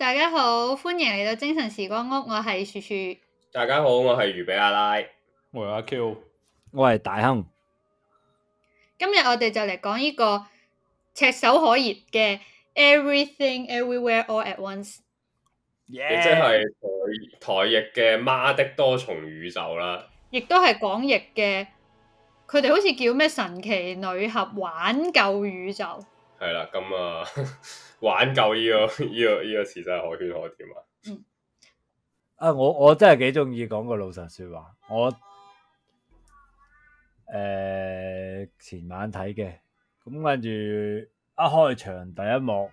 大家好，歡迎嚟到精神時光屋，我係樹樹。大家好，我係魚比阿拉，拉，我係阿 Q，我係大亨。今日我哋就嚟講呢個炙手可熱嘅 Everything Everywhere All at Once，亦即係台台譯嘅《媽的多重宇宙》啦，亦都係港譯嘅，佢哋好似叫咩神奇女俠玩救宇宙。係啦，咁啊。 玩夠呢、這個呢、 這個呢、這個詞真係可圈可點啊！ 啊，我我真係幾中意講個老實說話。我誒、呃、前晚睇嘅，咁跟住一開場第一幕，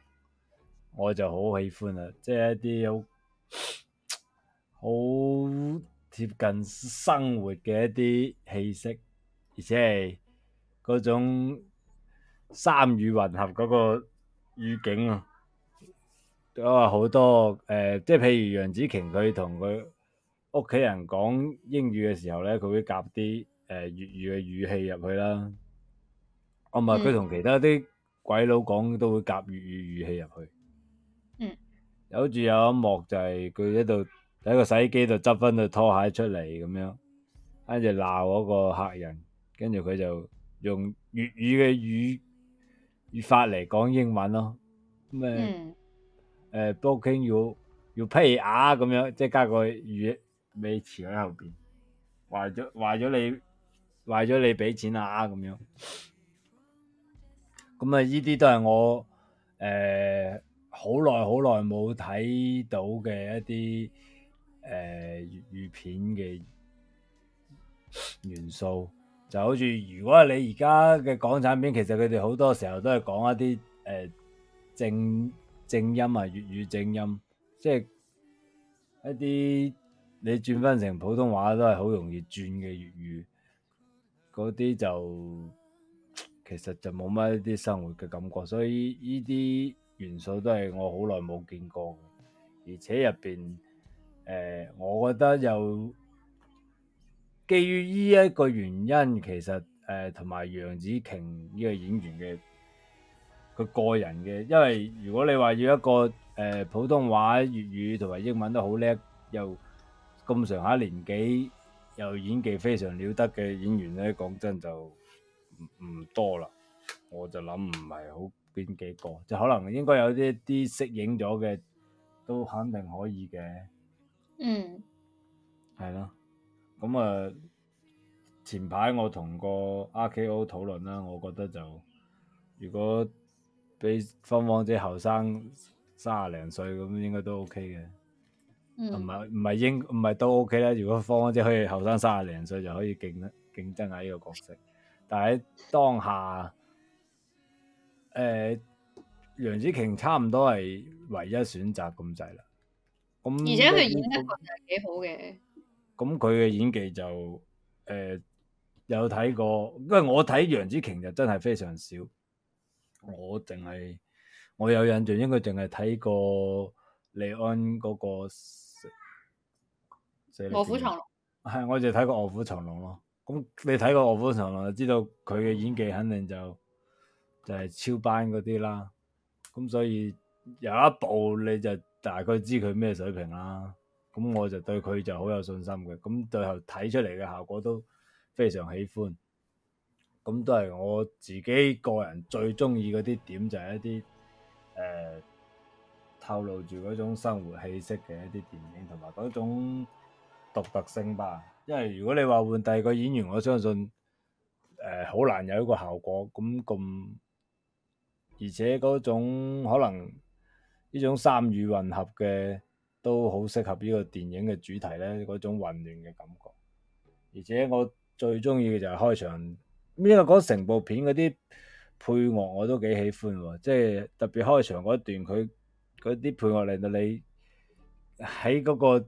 我就好喜歡啦，即、就、係、是、一啲好好貼近生活嘅一啲氣息，而且係嗰種三語混合嗰、那個。語境啊，我話好多誒，即係譬如楊紫瓊佢同佢屋企人講英語嘅時候咧，佢會夾啲誒粵語嘅語氣入去啦。唔係佢同其他啲鬼佬講都會夾粵語語氣入去。嗯，有住有一幕就係佢喺度喺個洗衣機度執翻對拖鞋出嚟咁樣，跟住鬧嗰個客人，跟住佢就用粵語嘅語。粵法嚟講英文咯，咁、嗯、誒，誒、嗯，Booking 要要 pay 啊咁樣，即係加個語尾詞喺後邊，為咗為咗你，為咗你俾錢啊咁樣，咁、嗯、啊，呢啲都係我誒好耐好耐冇睇到嘅一啲誒粵語片嘅元素。就好似如果你而家嘅港產片，其實佢哋好多時候都係講一啲誒、呃、正正音啊，粵語正音，即係一啲你轉翻成普通話都係好容易轉嘅粵語，嗰啲就其實就冇乜一啲生活嘅感覺，所以呢啲元素都係我好耐冇見過嘅，而且入邊誒，我覺得有。基於呢一個原因，其實誒，同埋楊紫瓊呢個演員嘅佢個人嘅，因為如果你話要一個誒、呃、普通話、粵語同埋英文都好叻，又咁上下年紀，又演技非常了得嘅演員咧，講真就唔多啦。我就諗唔係好邊幾個，就可能應該有啲啲適應咗嘅，都肯定可以嘅。嗯，係咯。咁啊，嗯、前排我同個阿 Ko 討論啦，我覺得就如果比方方姐後生三廿零歲，咁應該都 OK 嘅，唔係唔係應唔係都 OK 啦。如果方方姐可以後生三廿零歲就可以競咧競爭下呢個角色，但喺當下，誒、呃、楊紫瓊差唔多係唯一選擇咁滯啦。咁而且佢演得份係幾好嘅。咁佢嘅演技就，誒、呃、有睇過。因為我睇楊紫瓊就真係非常少，我淨係我有印象，應該淨係睇過李安嗰、那個《卧虎藏龍》，係我就睇過《卧虎藏龍》咯。咁你睇過《卧虎藏龍》就知道佢嘅演技肯定就就係、是、超班嗰啲啦。咁所以有一部你就大概知佢咩水平啦。咁我就對佢就好有信心嘅，咁最後睇出嚟嘅效果都非常喜歡，咁都係我自己個人最中意嗰啲點就係、是、一啲誒、呃、透露住嗰種生活氣息嘅一啲電影，同埋嗰種獨特性吧。因為如果你話換第二個演員，我相信誒好、呃、難有一個效果咁咁，而且嗰種可能呢種三語混合嘅。都好適合呢個電影嘅主題咧，嗰種混亂嘅感覺。而且我最中意嘅就係開場，因為嗰成部片嗰啲配樂我都幾喜歡，即係特別開場嗰段，佢嗰啲配樂令到你喺嗰個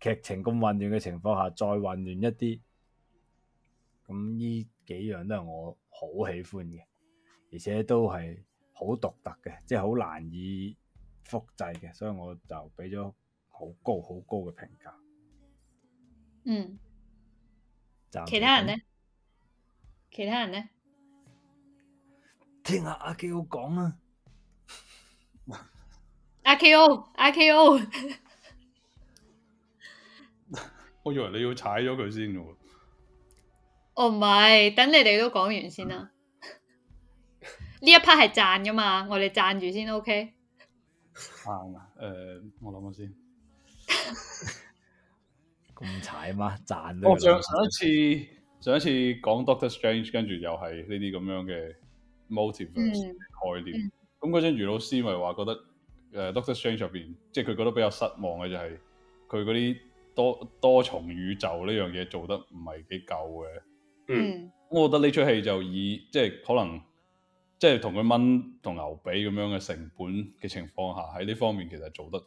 劇情咁混亂嘅情況下，再混亂一啲。咁呢幾樣都係我好喜歡嘅，而且都係好獨特嘅，即係好難以複製嘅，所以我就俾咗。好高好高嘅評價。嗯，其他人呢？其他人呢？聽下阿 K O 講啊！阿 K O，阿 K O，我以為你要踩咗佢先嘅喎。哦唔係，等你哋都講完先啦。呢、嗯、 一 part 係讚噶嘛？我哋讚住先，OK？讚 啊、嗯！誒、呃，我諗下先。咁 慘嘛，賺咗。哦、上一次上一次講 Doctor Strange，跟住又係呢啲咁樣嘅 Multiverse 概念。咁嗰陣余老師咪話覺得，誒 Doctor Strange 入邊，即係佢覺得比較失望嘅就係佢嗰啲多多重宇宙呢樣嘢做得唔係幾夠嘅。嗯，我覺得呢出戲就以即係、就是、可能即係同佢蚊同牛髀咁樣嘅成本嘅情況下，喺呢方面其實做得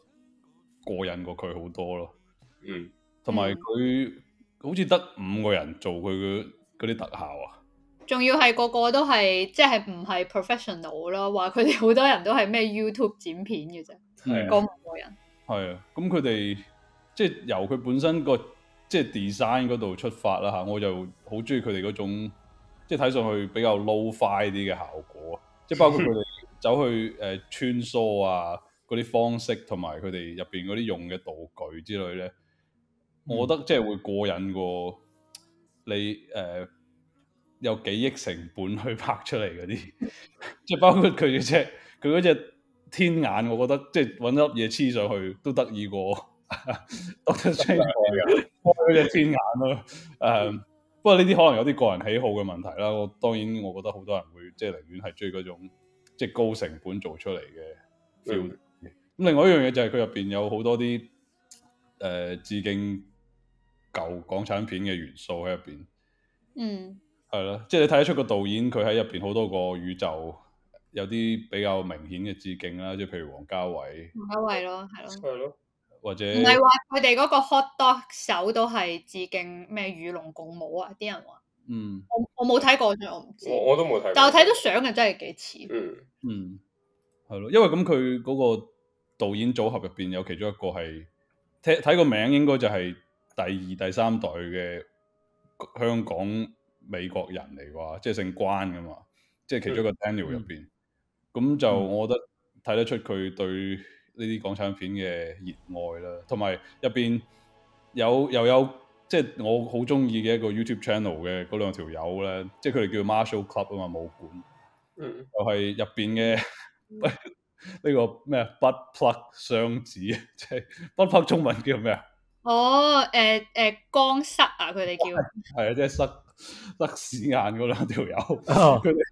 過癮過佢好多咯，嗯，同埋佢好似得五個人做佢嗰啲特效啊，仲要係個個都係即係唔係 professional 咯，話佢哋好多人都係咩 YouTube 剪片嘅啫，個五個人係啊。咁佢哋即係由佢本身個即係 design 嗰度出發啦吓，我就好中意佢哋嗰種即係睇上去比較 lo-fi 啲嘅效果，即係包括佢哋走去誒穿梭啊。 嗰啲方式同埋佢哋入面嗰啲用嘅道具之類咧，我覺得即係會過癮過你，誒有幾億成本去拍出嚟嗰啲，即係包括佢嘅隻佢隻天眼，我覺得即係揾粒嘢黐上去都得意過。我最中意嘅，我嗰隻天眼咯。誒，不過呢啲可能有啲個人喜好嘅問題啦。我當然我覺得好多人會即係寧願係追嗰種即係高成本做出嚟嘅 feel。另外一樣嘢就係佢入邊有好多啲誒、呃、致敬舊港產片嘅元素喺入邊。嗯，係咯，即係你睇得出個導演佢喺入邊好多個宇宙，有啲比較明顯嘅致敬啦，即係譬如王家衛，王家衛咯，係咯，係咯，或者唔係話佢哋嗰個 hot dog 手都係致敬咩與龍共舞啊？啲人話，嗯，我我冇睇過，我唔知我，我都冇睇，但我睇到相嘅真係幾似，嗯嗯，係咯、嗯，因為咁佢嗰個。導演組合入邊有其中一個係，睇睇個名應該就係第二第三代嘅香港美國人嚟啩，即係姓關噶嘛即係其中一個 Daniel 入邊，咁、嗯、就我覺得睇得出佢對呢啲港產片嘅熱愛啦，同埋入邊有又有即係、就是、我好中意嘅一個 YouTube channel 嘅嗰兩條友咧，即係佢哋叫 Martial Club 啊嘛，武館，又係入邊嘅。 呢個咩 p 啊？But plug 雙子，即係 But plug 中文叫咩啊？哦、oh, 呃，誒、呃、誒，肛塞啊！佢哋叫係啊， 即係塞塞屎眼嗰兩條友，佢哋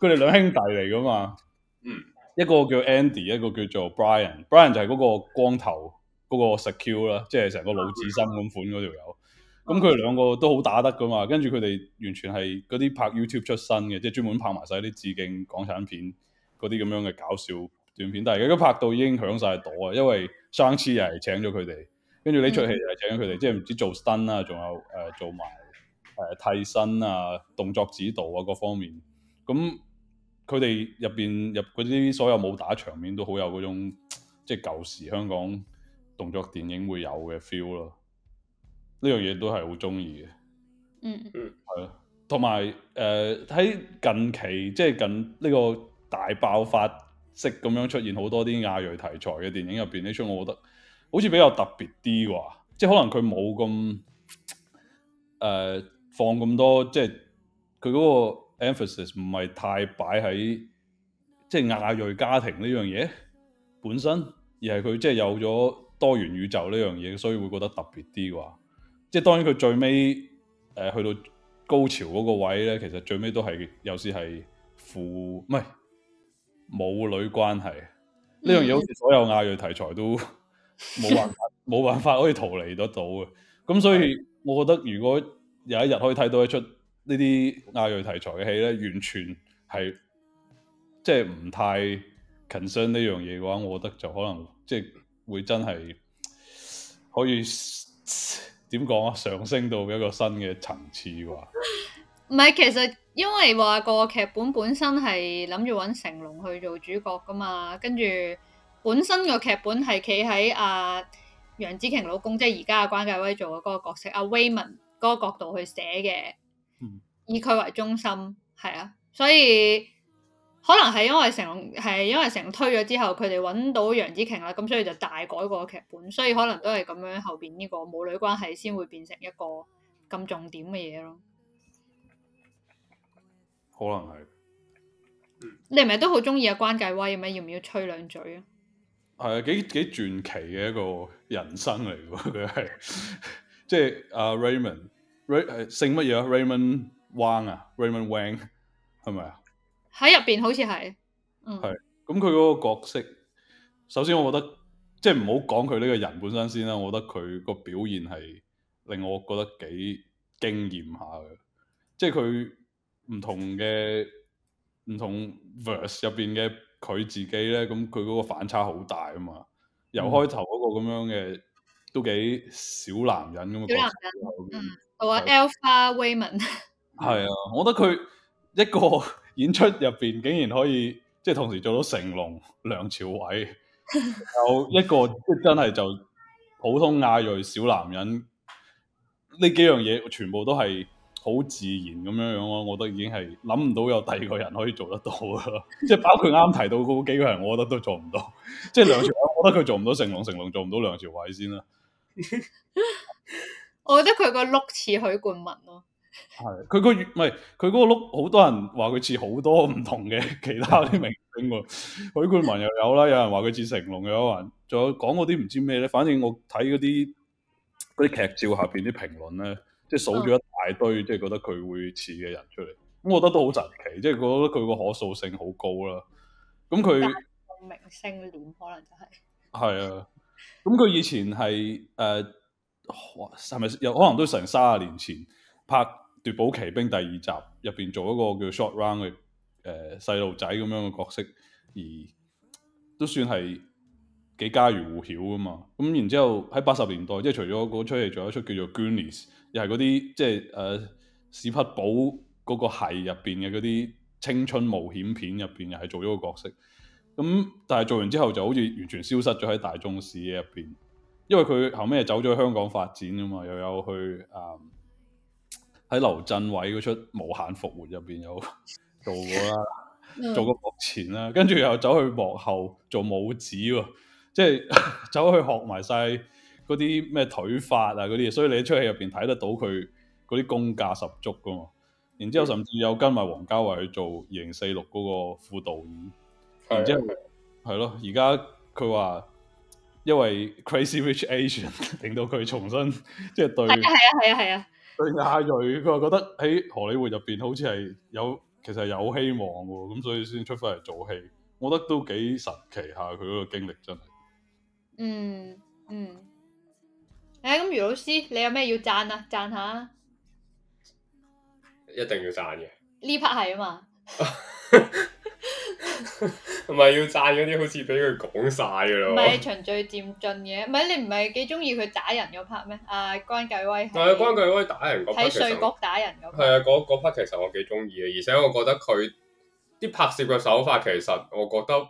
佢哋兩兄弟嚟噶嘛？嗯，mm. 一個叫 Andy，一個叫做 Brian,、mm. Brian，Brian 就係嗰個光頭嗰、那個 secure 啦，即係成個魯智深咁款嗰條友。咁佢哋兩個都好打得噶嘛，跟住佢哋完全係嗰啲拍 YouTube 出身嘅，即係專門拍埋晒啲致敬港產片。嗰啲咁樣嘅搞笑短片，但係佢拍到已經響晒朵啊！因為上次又係請咗佢哋，跟住呢出戲又係請咗佢哋，嗯、即係唔知做 stunt 仲、啊、有誒、呃、做埋誒、呃、替身啊、動作指導啊各方面。咁佢哋入邊入嗰啲所有武打場面都好有嗰種，即係舊時香港動作電影會有嘅 feel 咯。呢樣嘢都係好中意嘅。嗯嗯，係咯。同埋誒喺近期，即係近呢、呢個。大爆發式咁樣出現好多啲亞裔題材嘅電影入邊，呢出我覺得好似比較特別啲啩，即係可能佢冇咁誒放咁多，即係佢嗰個 emphasis 唔係太擺喺即係亞裔家庭呢樣嘢本身，而係佢即係有咗多元宇宙呢樣嘢，所以會覺得特別啲啩。即係當然佢最尾誒、呃、去到高潮嗰個位咧，其實最尾都係有時係負唔係。母女關係，呢樣嘢好似所有亞裔題材都冇法冇 辦法可以逃離得到嘅。咁所以，我覺得如果有一日可以睇到一出呢啲亞裔題材嘅戲咧，完全係即係唔太 concern 呢樣嘢嘅話，我覺得就可能即係、就是、會真係可以點講啊？上升到一個新嘅層次喎。 唔係，其實因為話個劇本本身係諗住揾成龍去做主角噶嘛，跟住本身個劇本係企喺阿楊紫瓊老公，即係而家阿關繼威做嘅嗰個角色阿 Waymond 嗰個角度去寫嘅，嗯、以佢為中心，係啊，所以可能係因為成龍係因為成龍推咗之後，佢哋揾到楊紫瓊啦，咁所以就大改個劇本，所以可能都係咁樣後邊呢個母女關係先會變成一個咁重點嘅嘢咯。可能係，你係咪都好中意阿關繼威咩？要唔要吹兩嘴啊？係啊，幾幾傳奇嘅一個人生嚟噶，佢 係即係、啊、阿 Raymond Ray，姓乜嘢啊？Raymond Wang 啊，Raymond Wang 係咪啊？喺入邊好似係，係咁佢嗰個角色，首先我覺得即係唔好講佢呢個人本身先啦，我覺得佢個表現係令我覺得幾驚艷下嘅，即係佢。唔同嘅唔同 verse 入邊嘅佢自己咧，咁佢嗰個反差好大啊嘛！嗯、由開頭嗰個咁樣嘅都幾小男人咁，人的嗯，做下 Alpha Woman，係啊，我覺得佢一個演出入邊竟然可以即係、就是、同時做到成龍、梁朝偉， 有一個即係、就是、真係就普通亞裔小男人，呢幾樣嘢全部都係。好自然咁樣樣咯、啊，我覺得已經係諗唔到有第二個人可以做得到咯。即 係包括啱提到嗰幾個人，我覺得都做唔到。即 係梁朝偉，我覺得佢做唔到成龍。成龍，成龍做唔到梁朝偉先啦。 我覺得佢個碌似許冠文咯。係佢個唔係佢個碌，好多人話佢似好多唔同嘅其他啲明星。許 冠文，又有啦，有人話佢似成龍，有人仲有講嗰啲唔知咩咧。反正我睇嗰啲嗰啲劇照下邊啲評論咧。即係數咗一大堆，即係覺得佢會似嘅人出嚟，我覺得都好神奇，即係覺得佢個可塑性好高啦。咁佢明星臉可能就係係啊。咁佢以前係誒係咪有可能都成卅年前拍《奪寶奇兵》第二集入邊做一個叫 Short Round 嘅誒細路仔咁樣嘅角色，而都算係幾家喻戶曉啊嘛。咁然之後喺八十年代，即係除咗嗰出戲，仲有一出叫做《Goonies》。又係嗰啲即係誒史匹堡嗰個系列入邊嘅嗰啲青春冒險片入邊，又係做咗個角色。咁但係做完之後，就好似完全消失咗喺大眾視野入邊。因為佢後尾走咗香港發展啊嘛，又有去誒喺劉鎮偉嗰出《無限復活》入邊有做過啦，做個幕 前啦，跟住又走去幕後做舞子喎，即係走 去學埋晒。嗰啲咩腿法啊，嗰啲嘢，所以你喺出戲入邊睇得到佢嗰啲功架十足噶嘛。然之後甚至有跟埋王家衛去做二零四六嗰個副導演。然之後係咯，而家佢話因為 Crazy Rich Asian 令到佢重新即係、就是、對係啊係啊係啊係啊。對亞裔佢話覺得喺荷里活入邊好似係有其實係有希望噶，咁所以先出翻嚟做戲。我覺得都幾神奇下佢嗰個經歷真係、嗯。嗯嗯。誒，咁、欸嗯、余老師，你有咩要讚啊？讚下、啊，一定要讚嘅呢 part 係啊嘛，唔係要讚嗰啲，好似俾佢講晒噶咯。唔係循序漸進嘅，唔係你唔係幾中意佢打人嗰 part 咩？啊，關繼威係，啊，關繼威打人嗰 part 喺稅局打人嗰 part，係啊，嗰嗰 part 其實我幾中意嘅，而且我覺得佢啲拍攝嘅手法，其實我覺得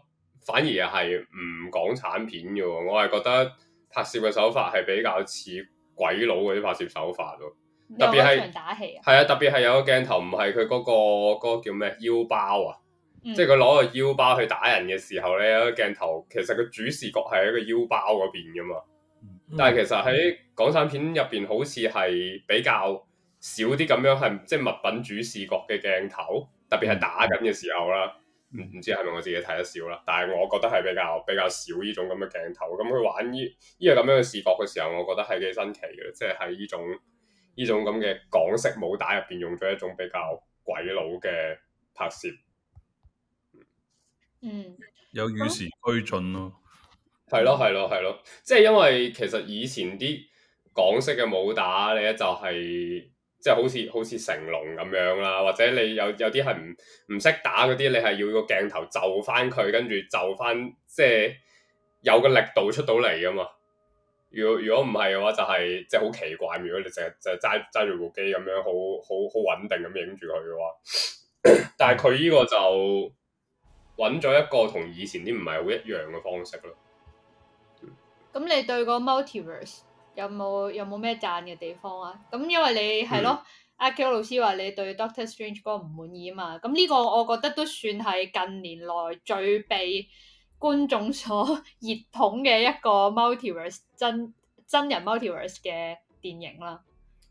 反而係唔講產片嘅喎，我係覺得。拍攝嘅手法係比較似鬼佬嗰啲拍攝手法咯，特別係打戲，係啊，特別係有個鏡頭唔係佢嗰個叫咩腰包啊，嗯、即係佢攞個腰包去打人嘅時候呢，有個鏡頭其實個主視角係喺個腰包嗰邊噶嘛，嗯、但係其實喺港產片入邊好似係比較少啲咁樣係即係物品主視角嘅鏡頭，特別係打緊嘅時候啦。唔唔、嗯、知係咪我自己睇得少啦，但係我覺得係比較比較少呢種咁嘅鏡頭。咁、嗯、佢、嗯嗯、玩呢呢個咁樣嘅視覺嘅時候，我覺得係幾新奇嘅，即係喺呢種呢、嗯、種咁嘅港式武打入邊用咗一種比較鬼佬嘅拍攝。嗯，有與時俱進咯。係咯係咯係咯，即係因為其實以前啲港式嘅武打咧就係、是。即係好似好似成龍咁樣啦，或者你有有啲係唔唔識打嗰啲，你係要個鏡頭就翻佢，跟住就翻即係有個力度出到嚟噶嘛。如果如果唔係嘅話、就係，就係即係好奇怪。如果你淨係淨係揸揸住部機咁樣好好好穩定咁影住佢嘅話， 但係佢呢個就揾咗一個同以前啲唔係好一樣嘅方式咯。咁你對個 Multiverse？有冇有冇咩讚嘅地方啊？咁因為你係、嗯、咯，阿喬老師話你對 Doctor Strange 個唔滿意啊嘛。咁呢個我覺得都算係近年來最被觀眾所熱捧嘅一個 Multiverse 真真人 Multiverse 嘅電影啦。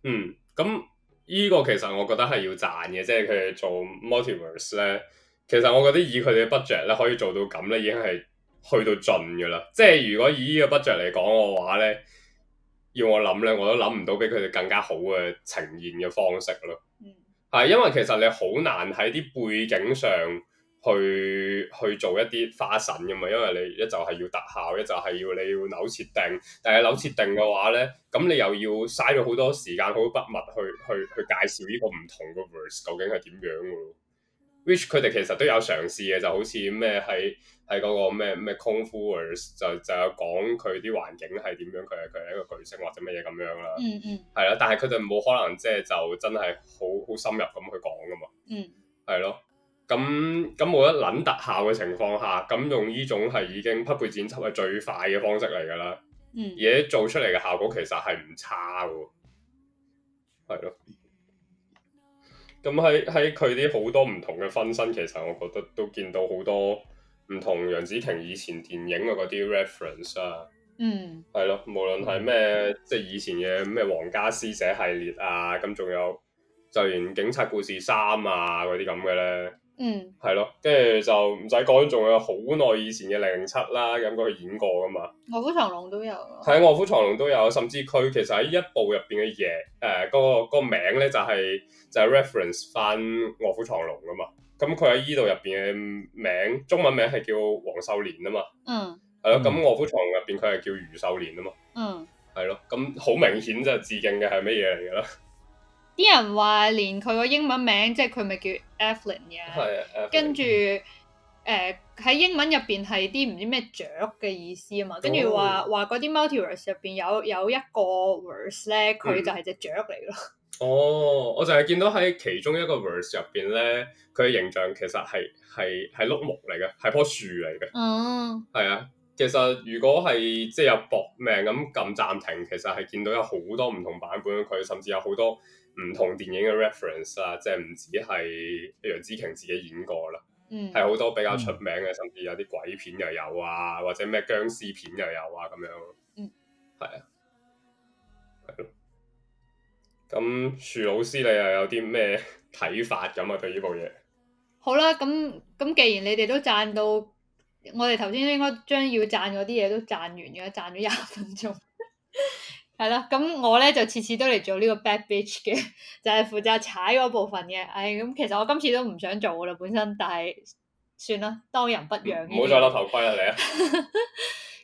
嗯，咁呢個其實我覺得係要讚嘅，即係佢哋做 Multiverse 咧，其實我覺得以佢哋嘅 budget 咧，可以做到咁咧，已經係去到盡噶啦。即、就、係、是、如果以個呢個 budget 嚟講嘅話咧，要我諗咧，我都諗唔到比佢哋更加好嘅呈現嘅方式咯。嗯、mm.，係因為其實你好難喺啲背景上去去做一啲花神嘅嘛，因為你一就係要特效，一就係要你要扭設定。但係扭設定嘅話咧，咁你又要嘥咗好多時間，好多筆墨去去去介紹呢個唔同嘅 verse 究竟係點樣嘅咯。Which 佢哋其實都有嘗試嘅，就好似咩喺，喺嗰個咩咩 e 呼嘅就就有講佢啲環境係點樣，佢係佢係一個巨星或者乜嘢咁樣啦、嗯。嗯。係啦，但係佢哋冇可能即係就真係好好深入咁去講噶嘛。嗯。係咯，咁咁冇得撚特效嘅情況下，咁用呢種係已經匹配剪輯係最快嘅方式嚟㗎啦。嗯。而且做出嚟嘅效果其實係唔差㗎，係咯。咁喺喺佢啲好多唔同嘅分身，其實我覺得都見到好多。唔同楊紫瓊以前電影嘅嗰啲 reference 啊，嗯，係咯，無論係咩，即係以前嘅咩《皇家師姐》系列啊，咁仲有就連《警察故事三》啊嗰啲咁嘅咧，嗯，係咯，跟住就唔使講，仲有好耐以前嘅零零七啦，咁佢演過噶嘛，《卧虎藏龍》都有，啊，係《卧虎藏龍》都有，甚至佢其實喺一部入邊嘅嘢，誒、呃，嗰個、嗰個名咧就係就係 reference 翻《卧虎藏龍》噶嘛。咁佢喺呢度入邊嘅名，中文名係叫王秀蓮啊嘛。嗯。係咯的，咁卧虎藏龍入邊佢係叫余秀蓮啊嘛。嗯。係咯，咁好明顯就係致敬嘅係乜嘢嚟噶啦？啲人話連佢個英文名，即係佢咪叫 Evelyn 嘅？係的。跟住著，誒喺、呃、英文入邊係啲唔知咩雀嘅意思啊嘛。跟住話話嗰啲 multiverse 入邊有有一個 verse 咧，佢就係隻雀嚟咯。哦，oh, 我就係見到喺其中一個 verse 入邊呢，佢嘅形象其實係係係碌木嚟嘅，係棵樹嚟嘅。哦，係啊，其實如果係即係有搏命咁撳暫停，其實係見到有好多唔同版本，佢甚至有好多唔同電影嘅 reference 啊，即係唔止係楊紫瓊自己演過啦，嗯，係好多比較出名嘅，嗯、甚至有啲鬼片又有啊，或者咩僵屍片又有啊咁樣，嗯，係啊。咁樹老師你又有啲咩睇法咁啊？對呢部嘢。好啦，咁咁既然你哋都讚到，我哋頭先應該將要讚嗰啲嘢都讚完嘅，讚咗廿分鐘，係 啦，咁我咧就次次都嚟做呢個 bad bitch 嘅，就係、是、負責踩嗰部分嘅。唉、哎，咁其實我今次都唔想做噶啦，本身，但係算啦，當仁不讓。唔好再攞頭盔啦，你啊！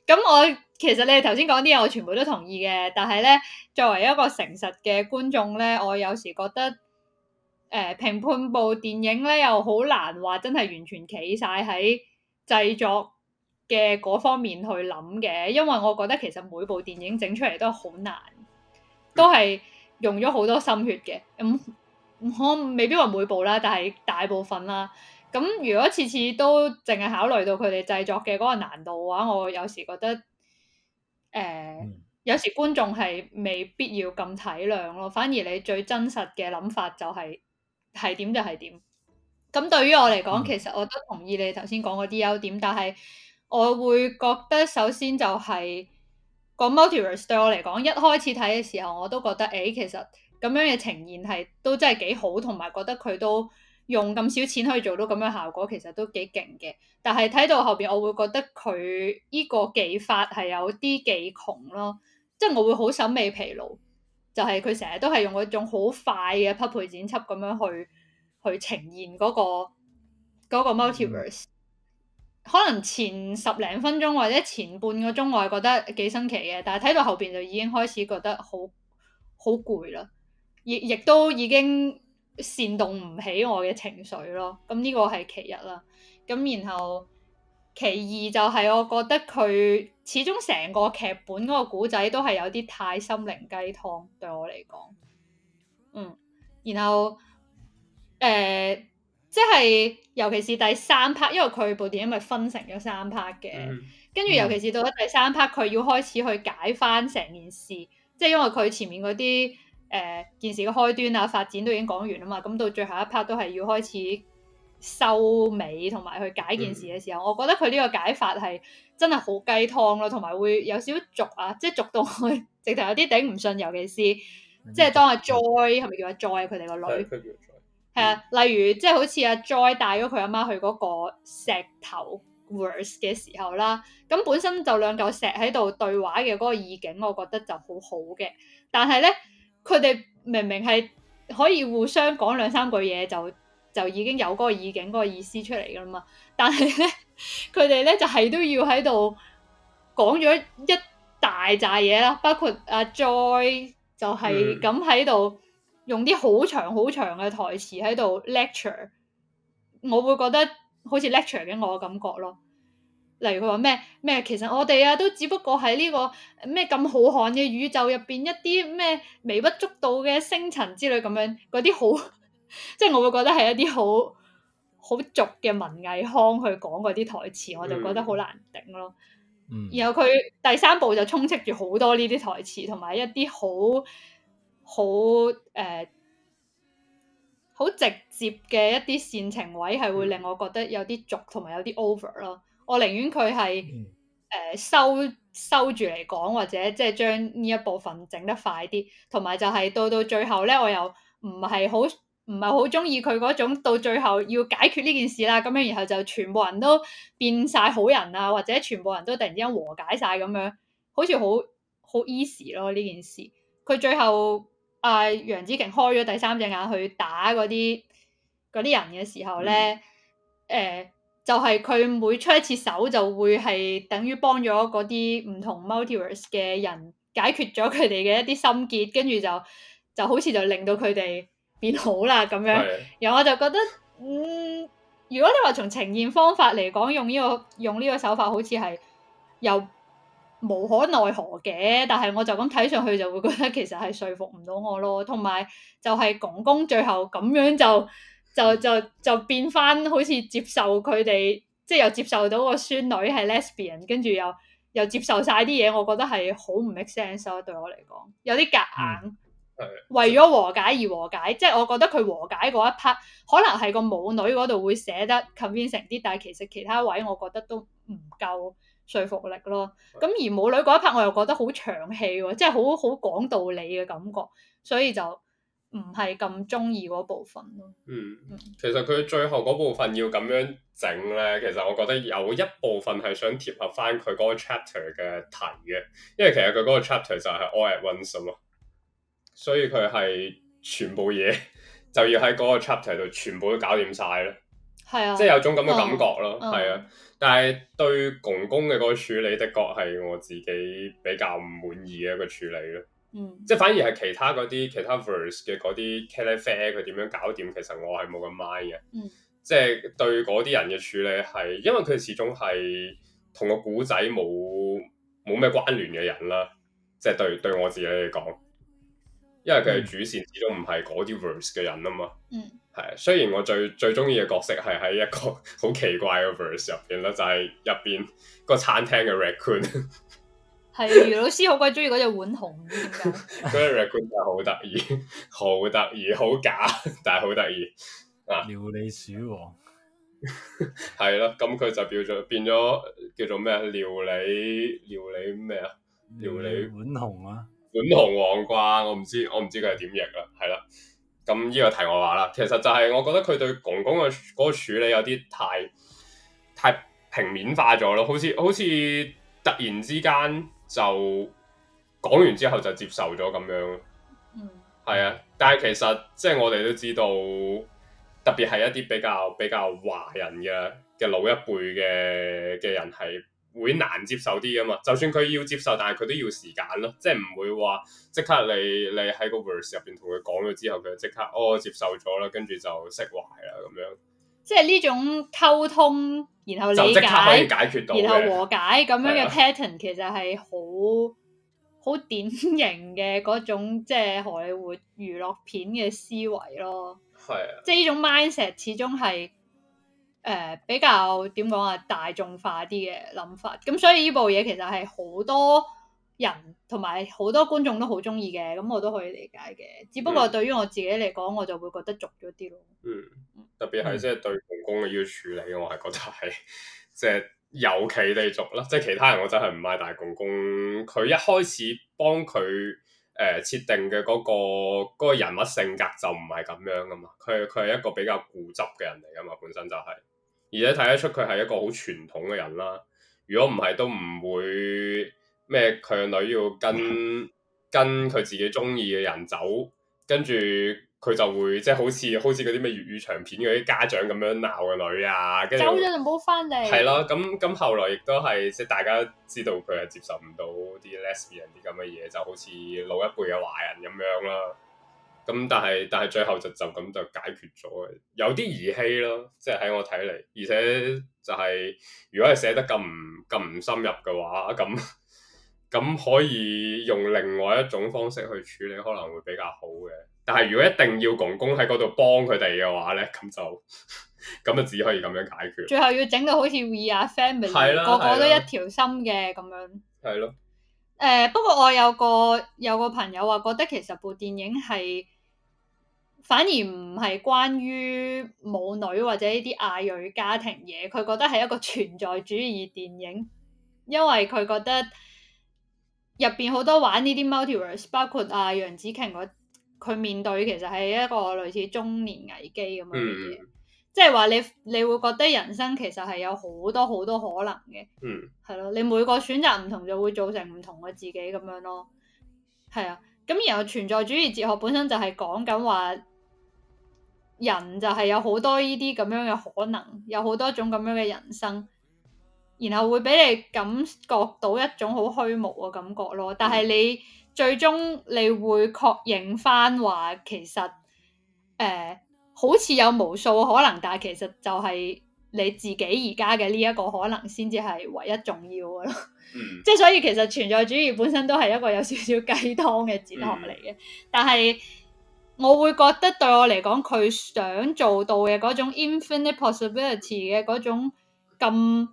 咁我其實你哋頭先講啲嘢，我全部都同意嘅。但係咧，作為一個誠實嘅觀眾咧，我有時覺得，誒、呃、評判部電影咧，又好難話真係完全企晒喺製作嘅嗰方面去諗嘅，因為我覺得其實每部電影整出嚟都好難，都係用咗好多心血嘅。唔、嗯、唔我未必話每部啦，但係大部分啦。咁如果次次都淨係考慮到佢哋製作嘅嗰個難度嘅話，我有時覺得，誒、呃、有時觀眾係未必要咁體諒咯，反而你最真實嘅諗法就係係點就係點。咁對於我嚟講，嗯、其實我都同意你頭先講嗰啲優點，但係我會覺得首先就係個 Multiverse 對我嚟講，一開始睇嘅時候我都覺得，誒、欸、其實咁樣嘅呈現係都真係幾好，同埋覺得佢都，用咁少錢可以做到咁樣效果，其實都幾勁嘅。但係睇到後邊，我會覺得佢依個技法係有啲幾窮咯，即係我會好審美疲勞。就係佢成日都係用嗰種好快嘅匹配剪輯咁樣去去呈現嗰、嗰個 multiverse。嗰個、可能前十零分鐘或者前半個鐘我係覺得幾新奇嘅，但係睇到後邊就已經開始覺得好好攰啦，亦亦都已經。煽動唔起我嘅情緒咯，咁、嗯、呢、這個係其一啦。咁然後其二就係我覺得佢始終成個劇本嗰個古仔都係有啲太心靈雞湯，對我嚟講，嗯。然後誒、呃，即係尤其是第三 part，因為佢部電影咪分成咗三 part 嘅，跟住、嗯、尤其是到咗第三 part，佢、嗯、要開始去解返成件事，即係因為佢前面嗰啲。誒、呃、件事嘅開端啊，發展都已經講完啦嘛，咁到最後一 part 都係要開始收尾，同埋去解件事嘅時候，嗯、我覺得佢呢個解法係真係好雞湯咯，同埋會有少少俗啊，即係俗到我直頭有啲頂唔順，尤其是即係當阿 Joy 係咪、嗯、叫阿 Joy 佢哋個女，係、嗯、啊，例如即係好似阿 Joy 帶咗佢阿媽去嗰個石頭 verse 嘅時候啦，咁本身就兩嚿石喺度對話嘅嗰個意境，我覺得就好好嘅，但係咧。佢哋明明係可以互相講兩三句嘢，就就已經有嗰個意境、嗰、嗰個意思出嚟噶啦嘛。但係咧，佢哋咧就係、係、都要喺度講咗一大紮嘢啦，包括阿、啊、Joy 就係咁喺度用啲好長好長嘅台詞喺度 lecture，我會覺得好似 lecture 嘅我嘅感覺咯。例如佢話咩咩，其實我哋啊都只不過喺呢個咩咁浩瀚嘅宇宙入邊一啲咩微不足道嘅星辰之類咁樣，嗰啲好，即係我會覺得係一啲好好俗嘅文藝腔去講嗰啲台詞，我就覺得好難頂咯。Mm. 然後佢第三部就充斥住好多呢啲台詞，同埋一啲好好誒好直接嘅一啲煽情位，係會令我覺得有啲俗同埋有啲 over 咯。我寧願佢係誒收收住嚟講，或者即係將呢一部分整得快啲，同埋就係到到最後咧，我又唔係好唔係好中意佢嗰種到最後要解決呢件事啦。咁樣然後就全部人都變晒好人啊，或者全部人都突然之間和解晒咁樣，好似好好 easy 咯呢件事。佢最後阿、呃、楊紫瓊開咗第三隻眼去打嗰啲嗰啲人嘅時候咧，誒、嗯。呃就係佢每出一次手就會係等於幫咗嗰啲唔同 multiverse 嘅人解決咗佢哋嘅一啲心結，跟住就就好似就令到佢哋變好啦咁樣。的然後我就覺得，嗯，如果你話從呈現方法嚟講，用呢、這個用呢個手法好似係又無可奈何嘅，但係我就咁睇上去就會覺得其實係說服唔到我咯。同埋就係公公最後咁樣就。就就就變翻好似接受佢哋，即係又接受到個孫女係 lesbian，跟住又又接受晒啲嘢，我覺得係好唔 make sense 咯。對我嚟講有啲夾硬，嗯、為咗和解而和解，的即係我覺得佢和解嗰一 part 可能係個母女嗰度會寫得 convincing 啲，但係其實其他位我覺得都唔夠說服力咯。咁的而母女嗰一 part 我又覺得好長氣，即係好好講道理嘅感覺，所以就。唔係咁中意嗰部分咯。嗯，其實佢最後嗰部分要咁樣整呢，其實我覺得有一部分係想貼合翻佢嗰個 chapter 嘅題嘅，因為其實佢嗰個 chapter 就係 all at once 啊嘛，所以佢係全部嘢 就要喺嗰個 chapter 度全部都搞掂晒咯。即係、啊、有種咁嘅感覺咯。係、嗯、啊，嗯、但係對公公嘅嗰個處理的確係我自己比較唔滿意嘅一個處理咯。嗯、即係反而係其他嗰啲其他 verse 嘅嗰啲 character 佢點樣搞掂？其實我係冇咁 mind 嘅。嗯、即係對嗰啲人嘅處理係，因為佢始終係同個古仔冇冇咩關聯嘅人啦。即係對對，對我自己嚟講，因為佢係主線、嗯、始終唔係嗰啲 verse 嘅人啊嘛。嗯，係。雖然我最最中意嘅角色係喺一個好奇怪嘅 verse 入邊啦，就係入邊個餐廳嘅 Raccoon。係啊，余 老師好鬼中意嗰隻碗紅，點解？嗰隻 r 就好得意，好得意，好假，但係好得意啊！ 料理鼠王係咯，咁佢就叫做變咗叫做咩？料理料理咩理啊？料理碗紅啊！碗紅黃瓜，我唔知，我唔知佢係點譯啦。係啦，咁呢個題外話啦，其實就係我覺得佢對公公嘅嗰個處理有啲太太平面化咗咯，好似好似突然之間。就講完之後就接受咗咁樣，嗯，係啊，但係其實即係、就是、我哋都知道，特別係一啲比較比較華人嘅嘅老一輩嘅嘅人係會難接受啲㗎嘛。就算佢要接受，但係佢都要時間咯，即係唔會話即刻你你喺個 verse 入邊同佢講咗之後，佢就即刻哦接受咗啦，跟住就釋懷啦咁樣。即係呢種溝通。然後理解，解決然後和解咁樣嘅 pattern 的其實係好好典型嘅嗰種即係荷里活娛樂片嘅思維咯。的即係呢種 mindset 始終係誒比較點講啊，大眾化啲嘅諗法。咁所以呢部嘢其實係好多。人同埋好多觀眾都好中意嘅，咁我都可以理解嘅。只不過對於我自己嚟講，嗯、我就會覺得俗咗啲咯。嗯，特別係即係對公公嘅要處理，我係覺得係即係尤其地俗啦。即係其他人，我真係唔買大公公。佢一開始幫佢誒、呃、設定嘅嗰、那個那個人物性格就唔係咁樣噶嘛。佢佢係一個比較固執嘅人嚟噶嘛，本身就係、是。而且睇得出佢係一個好傳統嘅人啦。如果唔係，都唔會。咩佢嘅女要跟、嗯、跟佢自己中意嘅人走，跟住佢就會即係、就是、好似好似嗰啲咩粵語長片嗰啲家長咁樣鬧個女啊，跟住走咗就唔好翻嚟。係咯，咁咁後來亦都係即係大家知道佢係接受唔到啲 lesbian 啲咁嘅嘢，就好似老一輩嘅華人咁樣啦。咁但係但係最後就就咁就解決咗有啲兒戲咯，即係喺我睇嚟。而且就係、是、如果係寫得咁咁唔深入嘅話，咁。咁可以用另外一種方式去處理，可能會比較好嘅。但係如果一定要公公喺嗰度幫佢哋嘅話咧，咁就咁 就只可以咁樣解決。最後要整到好似 We Are Family，的個個都一條心嘅咁的樣。係咯的。誒，uh, 不過我有個有個朋友話覺得其實部電影係反而唔係關於母女或者呢啲亞裔家庭嘢，佢覺得係一個存在主義電影，因為佢覺得。入邊好多玩呢啲 multiverse，包括阿楊紫瓊佢面對其實係一個類似中年危機咁樣嘅嘢，即係話你你會覺得人生其實係有好多好多可能嘅，係咯、mm hmm.，你每個選擇唔同就會造成唔同嘅自己咁樣咯，係啊，咁然後存在主義哲學本身就係講緊話人就係有好多呢啲咁樣嘅可能，有好多種咁樣嘅人生。然後會俾你感覺到一種好虛無嘅感覺咯，但係你最終你會確認翻話其實誒、呃、好似有無數可能，但係其實就係你自己而家嘅呢一個可能先至係唯一重要嘅咯。 即係所以其實存在主義本身都係一個有少少雞湯嘅哲學嚟嘅，但係我會覺得對我嚟講，佢想做到嘅嗰種 infinite possibility 嘅嗰種咁。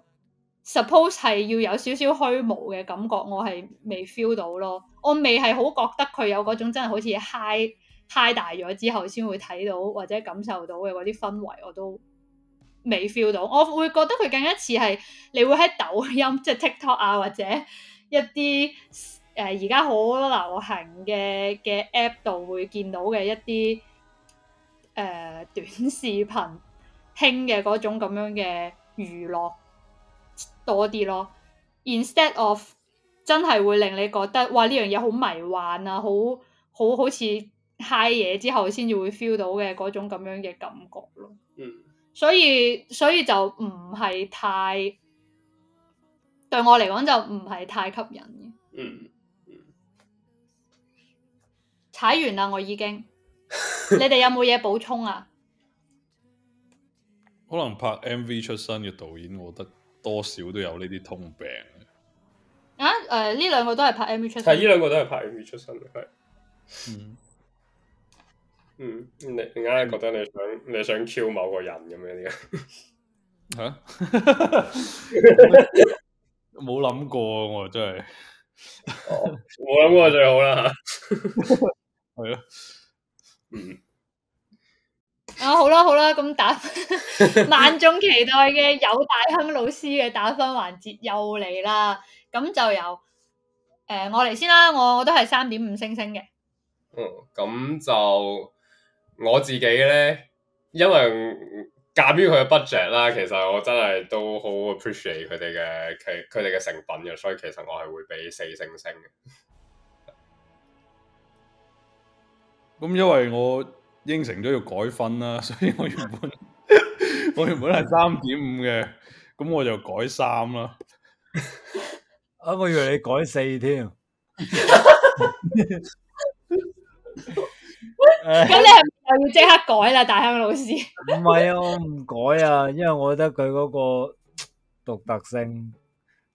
suppose 係要有少少虛無嘅感覺，我係未 feel 到咯。我未係好覺得佢有嗰種真係好似 high high 大咗之後先會睇到或者感受到嘅嗰啲氛圍，我都未 feel 到。我會覺得佢更加似係你會喺抖音即係 TikTok 啊，或者一啲誒而家好流行嘅嘅 app 度會見到嘅一啲誒、呃、短視頻興嘅嗰種咁樣嘅娛樂。多啲咯，instead of 真係會令你覺得哇，呢樣嘢好迷幻啊，好好好似嗨嘢之後先至會 feel 到嘅嗰種咁樣嘅感覺咯。嗯，所以所以就唔係太對我嚟講就唔係太吸引嘅。嗯嗯，踩完啦，我已經。 你哋有冇嘢補充啊？ 可能拍 MV 出身嘅導演，我覺得。多少都有呢啲通病啊！誒、呃，呢兩個都係拍 MV 出身，呢兩個都係拍 MV 出身，係。嗯，嗯，你你點解覺得你想你想 Q 某個人咁樣啲啊？冇 諗過、啊，我真係，冇 諗、哦、過最好啦，係咯，嗯。啊，好啦好啦，咁打分 萬眾期待嘅有大亨老師嘅打分環節又嚟啦。咁就由誒、呃，我嚟先啦。我我都係三點五星星嘅。咁、哦、就我自己呢，因為鑒於佢嘅 budget 啦，其實我真係都好 appreciate 佢哋嘅、佢哋嘅成品嘅，所以其實我係會俾四星星嘅。咁 因為我。應承咗要改分啦，所以我原本我原本係三點五嘅，咁我就改三啦。啊，我以為你改四添。咁你係咪要即刻改啦，大香老師？唔 係啊，我唔改啊，因為我覺得佢嗰個獨特性，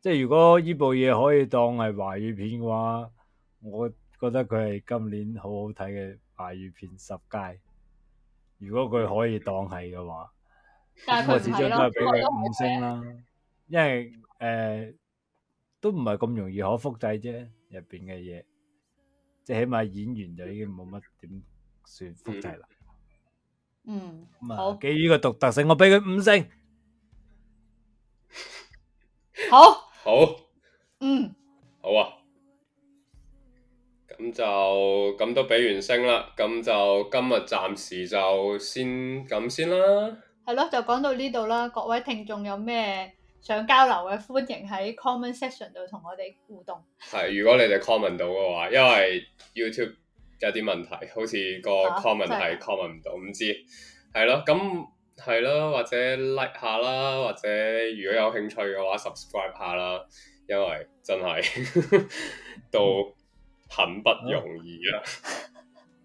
即係如果呢部嘢，可以當係華語片嘅話，我覺得佢係今年好好睇嘅。華語片十佳，如果佢可以當係嘅話，我始終都係俾佢五星啦。因為誒都唔係咁容易可複製啫，入邊嘅嘢，即係起碼演員就已經冇乜點算複製啦。嗯，咁啊，基於個獨特性，我俾佢五星。好，好，嗯，好啊。咁就咁都俾完聲啦，咁就今日暫時就先咁先啦。係咯，就講到呢度啦。各位聽眾有咩想交流嘅，歡迎喺 comment section 度同我哋互動。係，如果你哋 comment 到嘅話，因為 YouTube 有啲問題，好似個 comment 係 comment 唔到，唔、啊、知係咯，咁係咯，或者 like 下啦，或者如果有興趣嘅話 subscribe 下啦，因為真係 到。嗯很不容易啦，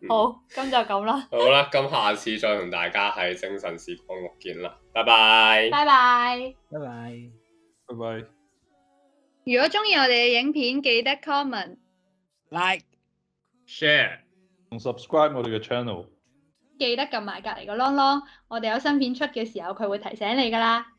好，咁就咁啦，好啦，咁下次再同大家喺精神時光屋見啦，拜拜，拜拜，拜拜，拜拜。如果中意我哋嘅影片，記得 comment、like、share 同 subscribe 我哋嘅 channel。記得撳埋隔籬個啷啷，我哋有新片出嘅時候，佢會提醒你噶啦。